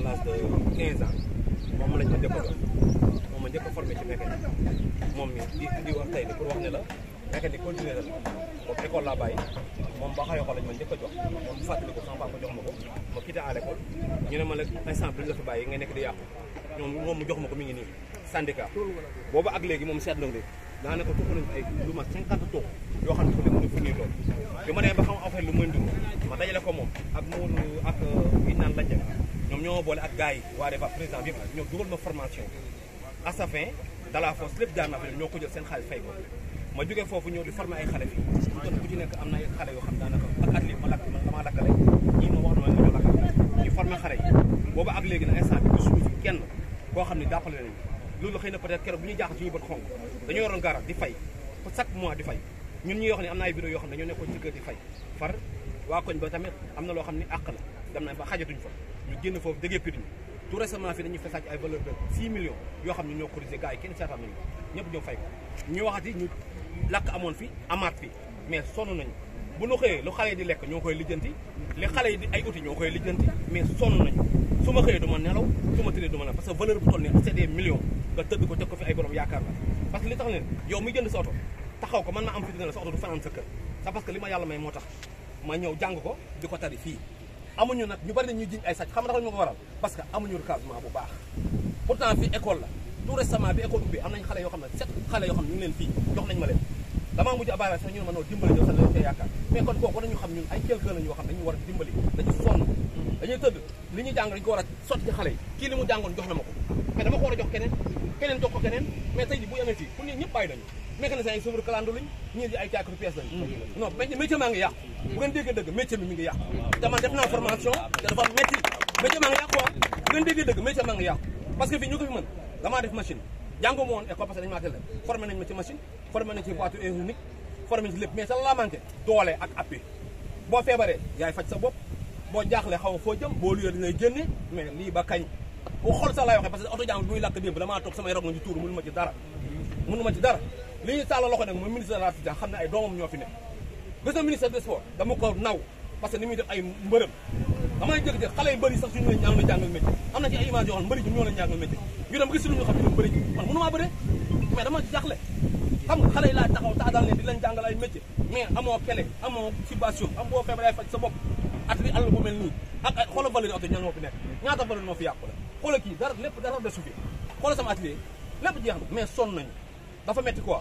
à l'âge de 15 ans moom lañ ma a moom ma njëkk a formé ci mécanique moom mi di la mécanique continuer la boobu école laa bàyyi ba xayoo ko a jox moom bu fàttali ko sama papa jox ma ko ma quitté à l'école ñu ne ma la nga fi bàyyi nga nekk di yàqu ñoom moom mu jox ma ko mi ngi nii syndicat boobu ak léegi moom seet na léegi daanaka tuux nañ ay lu ma cinquante tuux yoo xam ne ko mënu fi nii lool bi di ko moom ak moonu ak wiñ euh, naan lajjak ñoom ñoo boole ak gars yi waa Deva président bi ñoom dugal ma formation à sa fin dans la force lépp jaar naa fi ñoo ko jël seen xaalis fay ko ma jógee foofu ñëw di former ay xale fii ñu ku ci nekk am na ay xale yoo xam daanaka ak at lii ma lakk man damaa lakkale ñii ma wax na ma ñoo lakkal ñu former xale yi boobu ak léegi nag instant bi gisuñu fi kenn koo xam ne jàppale nañu loolu xëy na peut-être keroog bu ñuy jaaxal suñu bët xonk dañoo yoroon gaara di fay chaque mois di fay ñun ñuy wax ne am na ay bureau yoo xam ne dañoo nekkoon ci kër di fay far waa koñ ba tamit am na loo xam ne àq la dem nañ ba xajatuñ fa ñu génn foofu déggee pir ñi tout récemment fi dañuy fa sàcc ay valeur de 6 millions yoo xam ne ñoo corrigé gars yi kenn seetaan nañu ñëpp ñoo fay ko ñu waxati ñu lakk amoon fi amaat fi mais sonn nañu bu nu xëyee lu xale yi di lekk ñoo koy lijjanti li xale yi di ay outil ñoo koy lijjanti mais sonn nañu su ma xëyee du ma nelaw su ma tëddee du ma nelaw parce que valeur bu toll nii c'est des nga tëdd ko teg ko fi ay borom yaakaar la parce que li tax leen moo tax ma ñëw jàng ko ko tari fii amuñu nag ñu bari dañuy jiñ ay sàcc xam nga ma ko waral parce amuñu recasement bu baax pourtant fii école la tout récemment bi école ubbi am nañ xale yoo xam ne sept xale yoo xam ne ñu ma leen dimbali nañu a dimbali dañu sonn dañuy tëdd li ñuy jàng dañu ko war a sotti ci xale yi kii li mu jàngoon jox na ma ko mais dama ko war a jox keneen keneen jox ko keneen mais tey ji bu amee fii pour nit bàyyi nañu mécanicien yi sumbur kalaan duluñ ñii di ay caakru pièce lañ mm. non métier maa ngi yàqu bu ngeen dégg dëgg métier bi mi ngi yàqu te man def naa formation te dafa métti métier maa ngi yàqu waa ah. bu ngeen dégg dëgg métier maa ngi yàqu parce que fii ñu ko fi mën damaa def machine jàngu ma woon école parce que dañu maa teel formé nañ ma ci machine formé nañ ci voiture électronique formé nañ ci lépp mais sa laa manqué doole ak appui boo feebaree yaay faj sa bopp boo jaaxle xaw foo jëm boo luyee dañ lay génne mais lii ba kañ bu xol sa laay waxee parce que oto jàng bi muy lakk démb damaa toog samay rog ma ñu tuur mënu ma ci dara mënu ci dara li ñuy tàllal loxo nag mooy ministre de la culture xam ne ay doomam ñoo fi ne gis nga ministre des sports dama ko naw parce que ni muy def ay mbërëm damay jëkk jëkk xale yu bëri sax suñu leen ñaan la jàngal métier am na ci ay image yoo xam mbëri ji ñoo leen jàngal métier yu dem gis luñu xam ne mbëri ji man mënumaa bëre mais dama jaaxle xam nga xale yi laa taxaw taadal leen di leen jàngal ay métier mais amoo kele amoo subvention am boo feebaree faj sa bopp at li àll bu mel nii ak ay xoola valeur oto ñaan moo fi mais sonn nañu Novamente, Cicó.